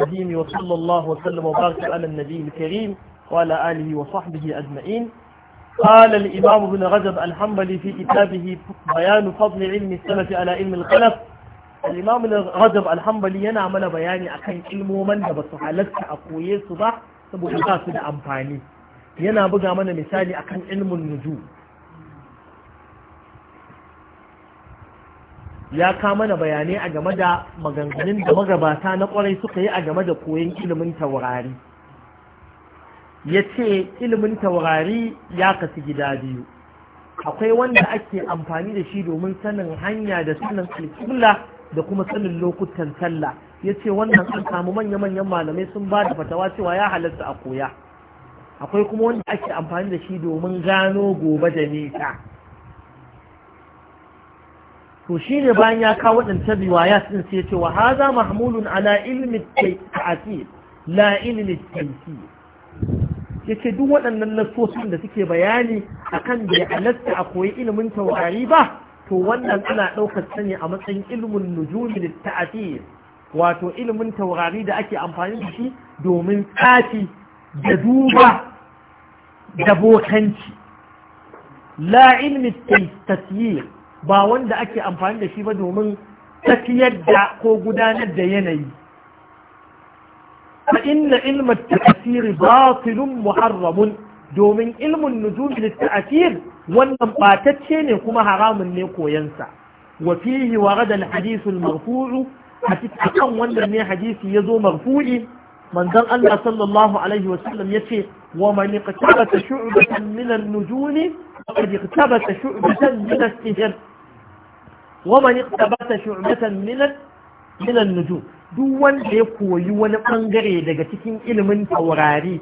القديم وصلى الله وسلم وبارك على النبي الكريم وعلى آله وصحبه أجمعين قال الإمام ابن رجب الحنبلي في كتابه بيان فضل علم السلف على علم الخلف الإمام ابن رجب الحنبلي yana mana bayani akan ilmoman da basu halarta a koye su ba saboda ba su da amfani yana buga mana misali akan ilmun nujum ya kama na bayanai a game da maganganun da magabata na kwarai suka yi a game da koyon ilimin taurari ya ce ilimin taurari ya kasu gida biyu akwai wanda ake amfani da shi domin sanin hanya da sanin alƙibla da kuma sanin lokutan sallah ya ce wannan an samu manya-manyan malamai sun ba da fatawa cewa ya halatta a koya akwai kuma wanda ake amfani da shi domin gano gobe da nisa to shi ne bayan ya kawo waɗancan riwaya sun sai ce wa haza mahmulun ala ilmi ta'ati la ilmi tanki yace duk waɗannan nassosin da suke bayani akan da ya halatta a koyi ilimin taurari ba to wannan ana ɗaukar sani a matsayin ilmin nujumi da ta'ati wato ilimin taurari da ake amfani da shi domin tsafi da duba da bokanci la ilmi ba wanda ake amfani da shi ba domin tafiyar da ko gudanar da yanayi fa inna ilma ta'asiri batilun muharramun domin ilmin nujumi litta'asir wannan batacce ne kuma haramun ne koyansa wa fihi warada al-hadith al a cikin wannan ne hadisi yazo marfu'i manzon Allah sallallahu alaihi wa sallam yace wa man iqtabata shu'batan min an-nujumi faqad iqtabata shu'batan min as-sihr ومن اقتبس شعبة من من النجوم duk wanda ya koyi wani bangare daga cikin ilimin taurari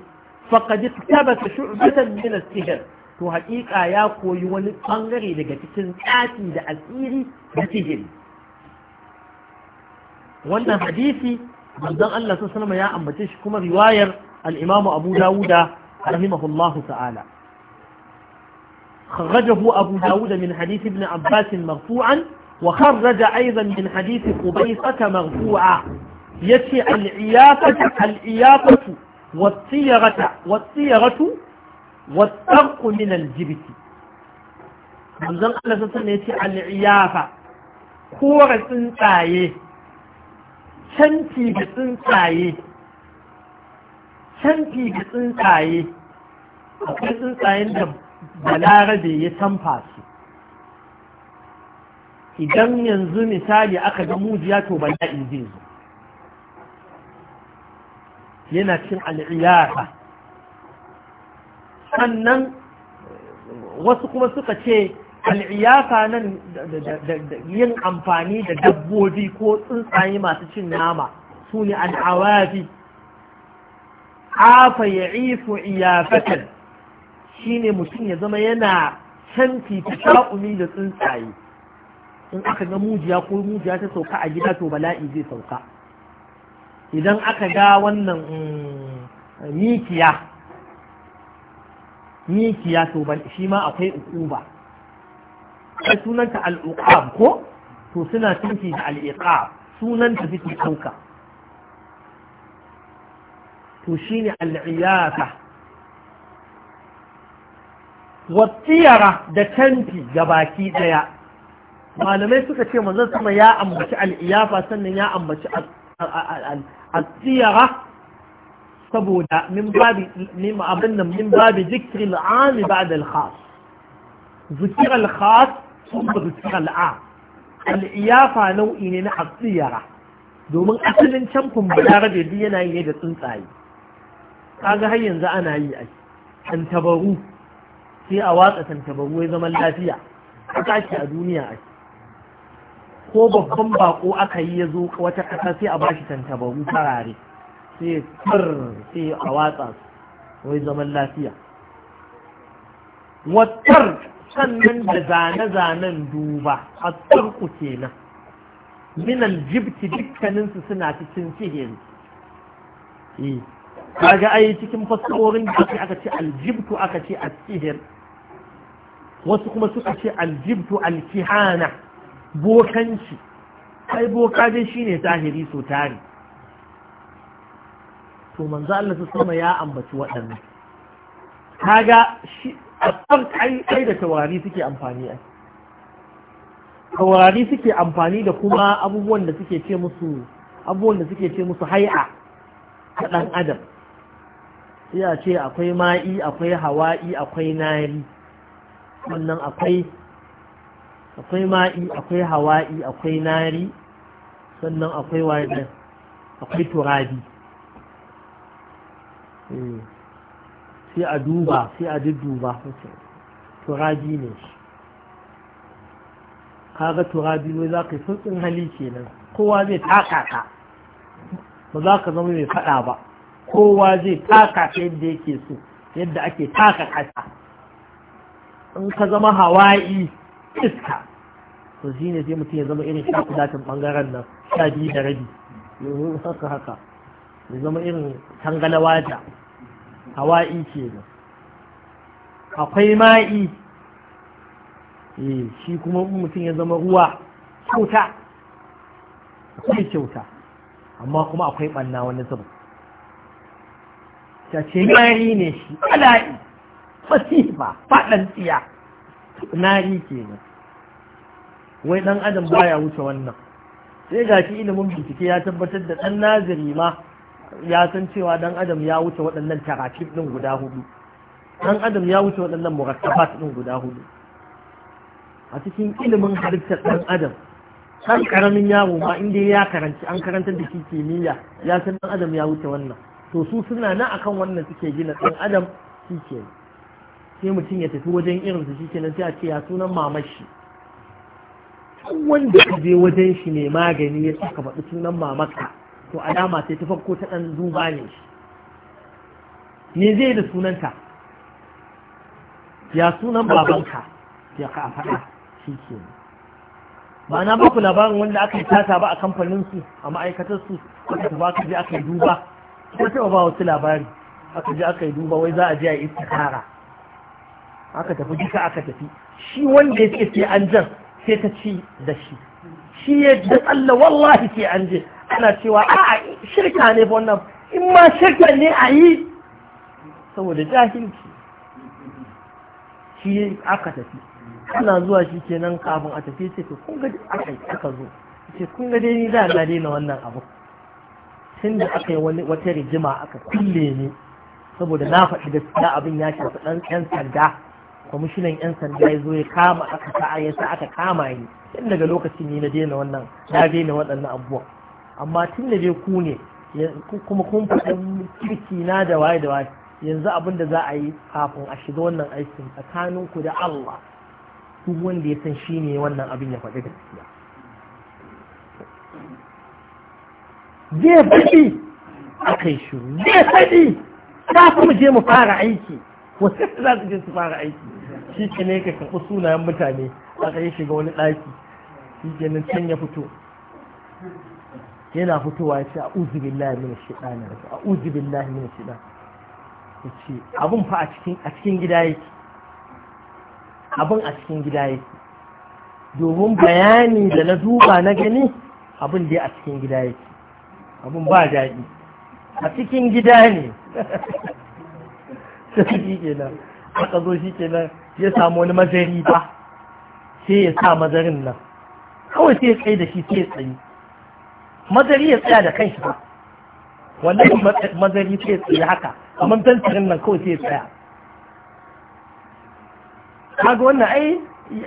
faqad tabata shu'batan min as-sihr to haƙiƙa ya koyi wani bangare daga cikin tsafi da asiri da sihiri wannan hadisi manzon Allah sallallahu alaihi ya ambace shi kuma riwayar al-Imam Abu Dawud rahimahullahu ta'ala خرجه أبو داود من حديث ابن عباس مرفوعا وخرج أيضا من حديث قبيصة مرفوعة يتي العيافة العيافة والصيغة والصيغة والطرق من الجبت من ذلك الله سبحانه يتي العيافة كورة سنتاية canci ga tsuntsaye canci ga tsuntsaye akwai tsuntsayen da balarabe ya canfa su idan yanzu misali aka ga mujiya to bala'in zai yana cin al'iyata sannan wasu kuma suka ce aliyafa nan yin amfani da dabbobi ko tsuntsaye masu cin nama su ne al'awazi afa ya ifo iyafatar shi ne mutum ya zama yana canfi ta sha'umi da tsuntsaye in aka ga mujiya ko mujiya ta sauka a gida to bala'i zai sauka idan aka ga wannan mm, mikiya mikiya to shi ma akwai ukuba kai sunanta al'uqab ko to suna tunki da al'iqab sunanta take sauka to shine al'iyasa wattiyara da tanti ga baki daya malamai suka ce manzon sama ya ambaci al'iyafa sannan ya ambaci al-tsiyara saboda min babi min abin nan min babi zikri al'am ba'da al-khas zikr al-khas thumma zikr al-am al-iyafa nau'i ne na al-tsiyara domin asalin can camfin rabe duk yana yi da tsuntsaye kaga har yanzu ana yi a tantabaru sai a watsa tantabaru ya zaman lafiya haka ake a duniya a ake ko babban bako aka yi ya zo wata ƙasa sai a bashi tantabaru farare sai fir sai a watsa su wai zaman lafiya wattar sannan da zane-zanen duba a turku kenan minan jibti dukkaninsu suna cikin sihiri eh, kaga ai cikin fasahorin da aka aka ce aljibtu aka ce a sihir wasu kuma suka ce aljibtu alkihana. bokanci ai boka dai shine zahiri so tare to manzo Allah su sama ya ambaci waɗannan kaga shi a tsar kai da tawari suke amfani a tawari suke amfani da kuma abubuwan da suke ce musu abubuwan da suke ce musu hai'a ta ɗan adam a ce akwai ma'i akwai hawa'i akwai nari wannan akwai akwai ma'i akwai hawa'i akwai nari sannan akwai wajen akwai turabi eh, sai a duba sai a turabi ne kaga turabi ne za ka yi sauƙin hali kenan kowa zai taka ka ba za ka zama mai fada ba kowa zai taka yadda yake so yadda ake taka kasa in ka zama hawa'i iska to shi ne sai mutum ya zama irin sha kudatin bangaren nan sha biyu da rabi yanzu haka haka ya zama irin tangalawa da hawa'i ke nan akwai ma'i eh, shi kuma mutum ya zama ruwa kyauta akwai kyauta amma kuma akwai ɓanna wani zuba ta ce ne shi ala'i fasifa faɗan tsiya nari ne wai dan adam baya wuce wannan sai ga shi ilimin bincike ya tabbatar da dan naziri ma ya san cewa dan adam ya wuce waɗannan tarakif ɗin guda hudu dan adam ya wuce waɗannan murakkafat ɗin guda hudu a cikin ilimin halittar dan adam kan karamin yaro ma inda ya karanci an karantar da shi kimiyya ya san dan adam ya wuce wannan to su suna na akan wannan suke gina dan adam shi ke sai mutum ya tafi wajen irinsa shi kenan sai a ce ya sunan mamashi wanda ka je wajen shi ne magani ya saka faɗi sunan mamaka to alama sai ta farko ta ɗan duba ne shi me zai da sunanta ya sunan babanka ya ka faɗa shi ke ba na baku labarin wanda aka yi tata ba a kamfaninsu a ma'aikatarsu aka tafi aka je aka yi duba ko taɓa ba wasu labari aka je aka yi duba wai za a je a yi istikara aka tafi duka aka tafi shi wanda ya ce an jan sai ta ci da shi shi ya da tsalla wallahi sai an je ana cewa a shirka ne ba wannan in ma shirka ne a yi saboda jahilci shi aka tafi ana zuwa shi kenan kafin a tafi ce ka kunga da aka yi aka zo ce kunga dai ni da na daina wannan abu tun da aka yi wani wata rijima aka kulle ni saboda na faɗi gaskiya abin ya shafi ɗan ƴan sanda kwamishinan 'yan sanda ya zo ya kama aka sa'a ya sa aka kama ni tun daga lokacin ne na daina wannan na daina waɗannan abubuwa amma tun da ku ne kuma kun faɗin kirki na da waye da waye yanzu abin da za a yi kafin a shiga wannan aikin tsakanin ku da Allah duk wanda ya san shi ne wannan abin ya faɗi gaskiya zai faɗi aka yi shiru zai faɗi za mu je mu fara aiki wasu za su je su fara aiki shi ke ne ka karɓi sunayen mutane a tsaye shiga wani ɗaki shi ke nan can ya fito yana fitowa ya ce a uzu billahi min shiɗa ne a uzu billahi shi shiɗa ya ce abin fa a cikin gida yake abin a cikin gida yake domin bayani da na duba na gani abin dai a cikin gida yake abin ba daɗi a cikin gida ne ta ke nan aka zo shi nan ya samu wani mazari ba sai ya sa mazarin nan kawai sai ya tsaye da shi sai ya tsayi mazari ya tsaya da kanshi ba wannan mazari sai ya tsaye haka amma tantarin nan kawai sai ya tsaya kaga wannan ai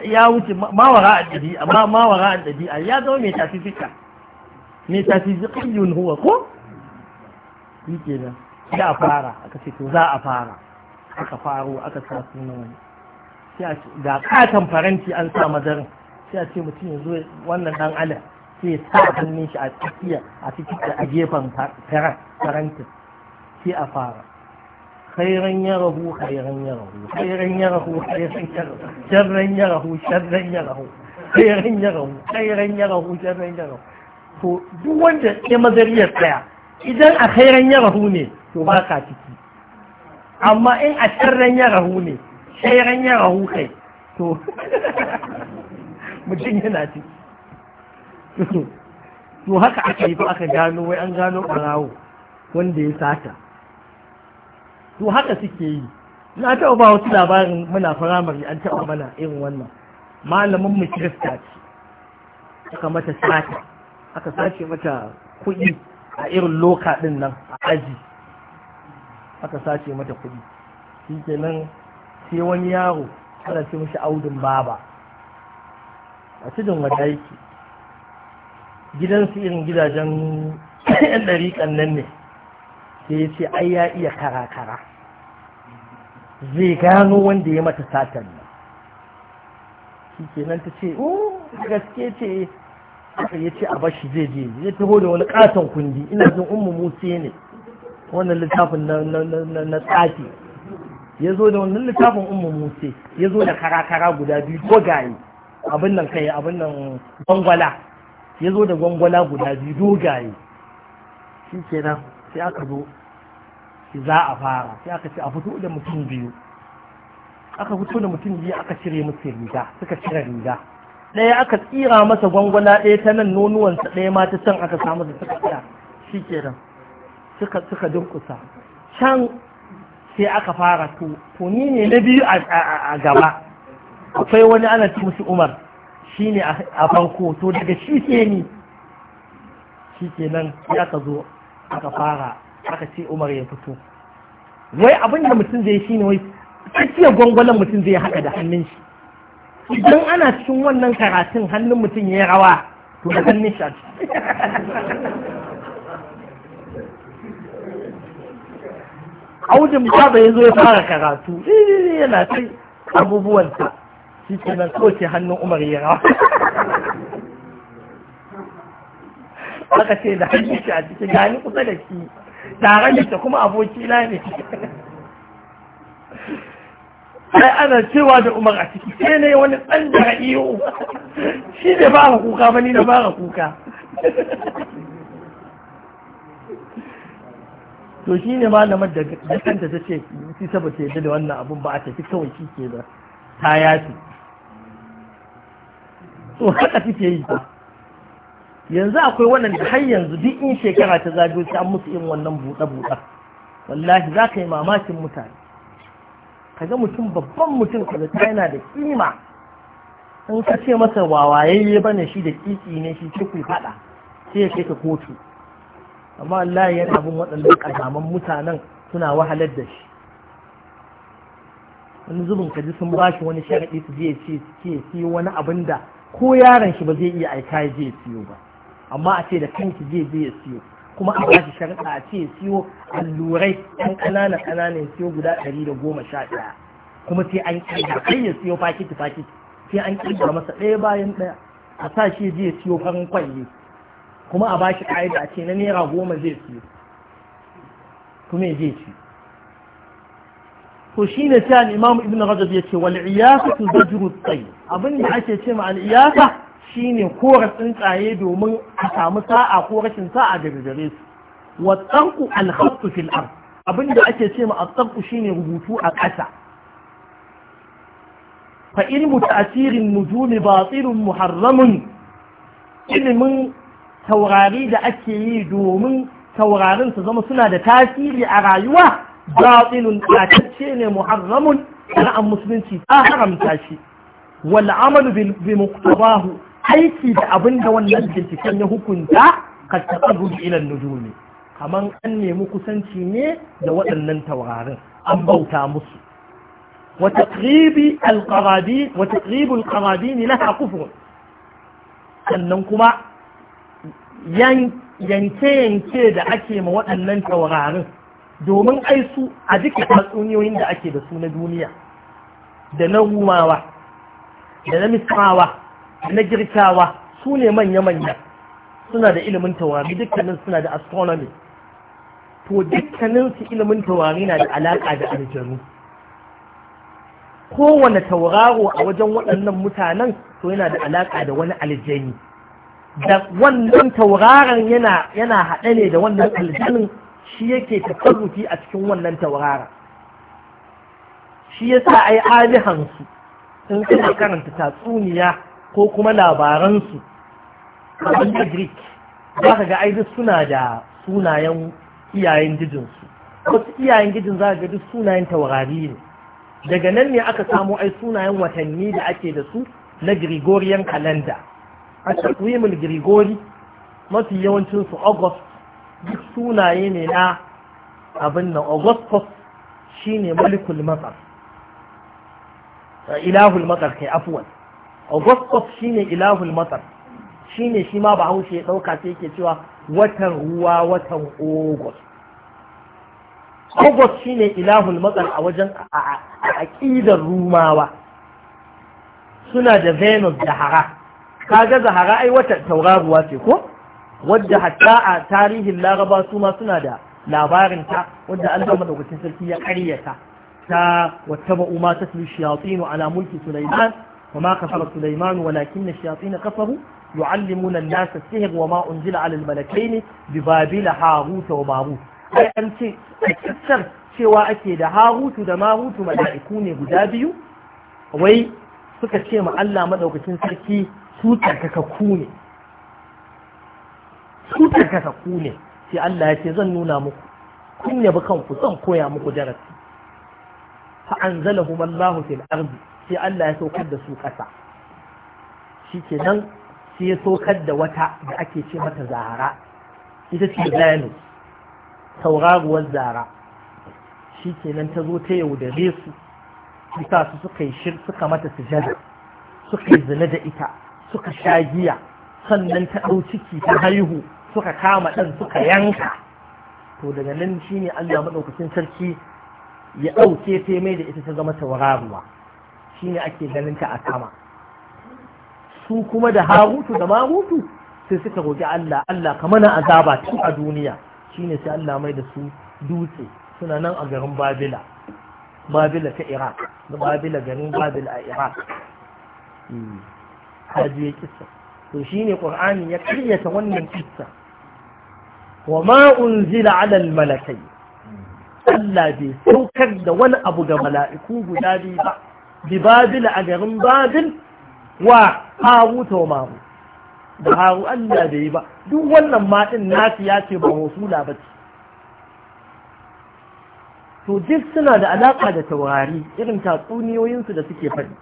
ya wuce mawara a ɗabi'a amma mawara a ɗabi'a ya zama mai fika mai tafifiyun huwa ko yi kenan za a fara aka ce to za a fara aka faro aka sa sunan wani da katon faranti an sa madarin sai a ce mutum ya zo wannan dan ala sai ya sa hannun shi a tafiya a cikin a gefen farantin sai a fara khairan ya rahu khairan ya rahu khairan ya rahu khairan ya rahu sharran ya rahu sharran ya rahu khairan ya rahu khairan ya rahu sharran ya rahu to duk wanda ya mazariyar tsaya idan a khairan ya rahu ne to ba ka ciki amma in a sharran ya rahu ne tseren yara hukai to mutum yana ciki to haka aka yi aka gano wai an gano ɓarawo wanda ya sata to haka suke yi na taɓa ba wasu labarin muna firamare an taɓa mana irin wannan malamin mu kirista ce aka mata sata aka sace mata kuɗi a irin loka ɗin nan a aji aka sace mata kuɗi shi kenan sai wani yaro ana ce mishi audun baba a cikin wata yake gidansu irin gidajen yan ɗariƙan nan ne sai ya ce ai ya iya kara-kara zai gano wanda ya mata satan nan shi nan ta ce o oh, gaske ce aka ya ce a bashi zai je zai taho da wani ƙaton kundi ina jin ummu musa ne wannan littafin na tsaki. ya zo da wannan littafin umar musa ya zo da kara-kara guda biyu dogaye abin nan kai abin nan gwangwala ya zo da gwangwala guda biyu dogaye shi kenan sai aka zo za a fara sai aka ce a fito da mutum biyu aka fito da mutum biyu aka cire musu riga suka cire riga ɗaya aka tsira masa gwangwala ɗaya ta nan nonuwansa ɗaya ma ta can aka samu da suka tsira shi kenan suka suka dunkusa can sai aka fara to ni ne na biyu a gaba akwai wani ana ci musu umar shi ne a farko to daga shi sai ni shi ke nan sai aka zo aka fara aka ce umar ya fito wai abin da mutum zai shi ne wai tsakiyar gwangwalon mutum zai haka da hannun shi idan ana cikin wannan karatun hannun mutum ya yi rawa to da hannun shi a ciki audin baba ya zo ya fara karatu eh, yana ta abubuwansa shi ke nan soke hannun umar ya rawa aka ce da hannun shi a cikin gani kusa da shi tare da shi kuma abokina ne sai ana cewa da umar a ciki sai ne wani tsan da iyo shi da fara kuka ba ni da fara kuka to shi ne malamar da kanta ta ce shi saba ce da wannan abun ba a tafi kawai shi ke da ta yafi to haka ke yi ba yanzu akwai wannan da har yanzu duk in shekara ta zagayo sai an musu irin wannan buɗe-buɗe wallahi za ka yi mamakin mutane kaga mutum babban mutum kaga ta yana da kima in ka ce masa wawayayye bane shi da kiki ne shi cikin faɗa sai ya kai ka kotu amma Allah yana abin waɗannan ƙazaman mutanen suna wahalar da shi wani zubin kaji sun ba shi wani sharaɗi su je ce ke siyo wani abin da ko yaron shi ba zai iya aika ya je ya siyo ba amma a ce da kanki je je ya siyo kuma a ba shi sharaɗa a ce ya siyo allurai ɗan ƙanana ƙananan siyo guda ɗari da goma sha ɗaya kuma sai an ƙirga kai ya siyo fakiti fakiti sai an ƙirga masa ɗaya bayan ɗaya a sa shi je ya siyo farin kwalli kuma a bashi ƙa'ida a ce na naira goma zai siyo kuma zai ci to shi ne sai ibn rajab ya ce wal'iyasa tu zajiru tsaye abin da ake ce ma al'iyasa shi ne kora tsuntsaye domin a samu sa'a ko rashin sa'a daga gare su wa tsanku alhattu fil abin da ake ce ma a tsanku shi ne rubutu a ƙasa fa ilmu ta'asirin nujumi batilun muharramun ilimin taurari da ake yi domin taurarin su zama suna da tasiri a rayuwa batilun tatacce ne muharramun sana'an musulunci ta haramta shi wal amalu bi muqtabahu aiki da abin da wannan binciken ya hukunta ka taɓa ila nujumi Kamar an nemi kusanci ne da waɗannan taurarin an bauta musu wa taqribi al-qarabin wa taqribu al sannan kuma yanke-yanke da ake ma waɗannan taurarin domin ai su a duka tatsuniyoyin da ake da su na duniya da na rumawa da na misawa, da na girkawa su ne manya-manya suna da ilimin taurari dukkanin suna da astronomy to dukkanin su ilimin taurari na da alaƙa da aljanu kowane tauraro a wajen waɗannan mutanen to yana da alaƙa da wani aljani da wannan tauraron yana yana haɗe ne da wannan aljanin shi yake tafarruki a cikin wannan tauraron shi ya yasa ai alihansu in suna karanta tatsuniya ko kuma labaransu a da greek za ka ga ai suna da sunayen iyayen gijinsu wasu iyayen gijin za ga duk sunayen taurari ne daga nan ne aka samo ai sunayen watanni da ake da su na gregorian calendar a takwimul grigori mafi yawancinsu august duk sunaye ne na abin nan augustus shine malikul matsar eh, ilahul matsar kai afuwan augustus shine ilahul matsar shine shi ma bahaushe ya ɗauka sai yake cewa watan ruwa watan august august shine ilahul matsar a wajen a aƙidar rumawa suna da venus da hara kaga zahara ai wata tauraruwa ce ko wadda hatta a tarihin laraba su ma suna da labarinta wadda Allah madaukakin sarki ya karyata ta wata ba'u ta tulu shayatinu ala mulki Sulaiman wa ma kafara Sulaiman walakinna shayatin kafaru yu'allimuna an-nasa sihr wa ma unzila ala malakaini bi babila harut wa marut ai an ce cewa ake da harutu da marutu mala'iku ne guda biyu wai suka ce ma Allah madaukakin sarki su tsarkakakku ne su tsarkakakku ne sai Allah ya ce zan nuna muku kun yabi kanku zan koya muku darasi fa anzalahum Allahu fil ardi sai Allah ya saukar da su kasa shikenan sai ya saukar da wata da ake ce mata zahara ita ce Zainab tauraruwar zara shikenan ta zo ta yaudare su bisa su suka yi shir suka mata sujada suka yi zina da ita suka sha giya sannan ta ɗau ciki ta haihu suka kama ɗan suka yanka to daga nan shi ne Allah maɗaukacin sarki ya ɗauke ta da ita ta zama shi shine ake ganin ta a kama su kuma da harutu da marutu sai suka roƙi Allah Allah ka mana azaba tun a duniya shi ne sai Allah mai da su dutse suna nan a garin Babila Babila ta Iraq da Babila garin Babila a Iraq hmm. kaji ya kissa to shine qur'ani ya karyata wannan kissa wa ma unzila ala al malakai Allah bai saukar da wani abu ga mala'iku guda biyu ba bi babil a garin babil wa haruta wa maru da haru Allah bai yi ba duk wannan matin nasi ya ce ba wasula ba ce to duk suna da alaƙa da taurari irin tatsuniyoyinsu da suke faɗi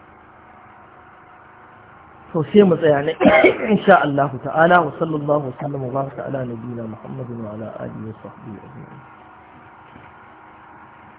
to sai mu tsaya ne insha Allah ta'ala wa sallallahu wa sallam wa baraka ala nabiyina Muhammadin wa ala alihi wa sahbihi ajma'in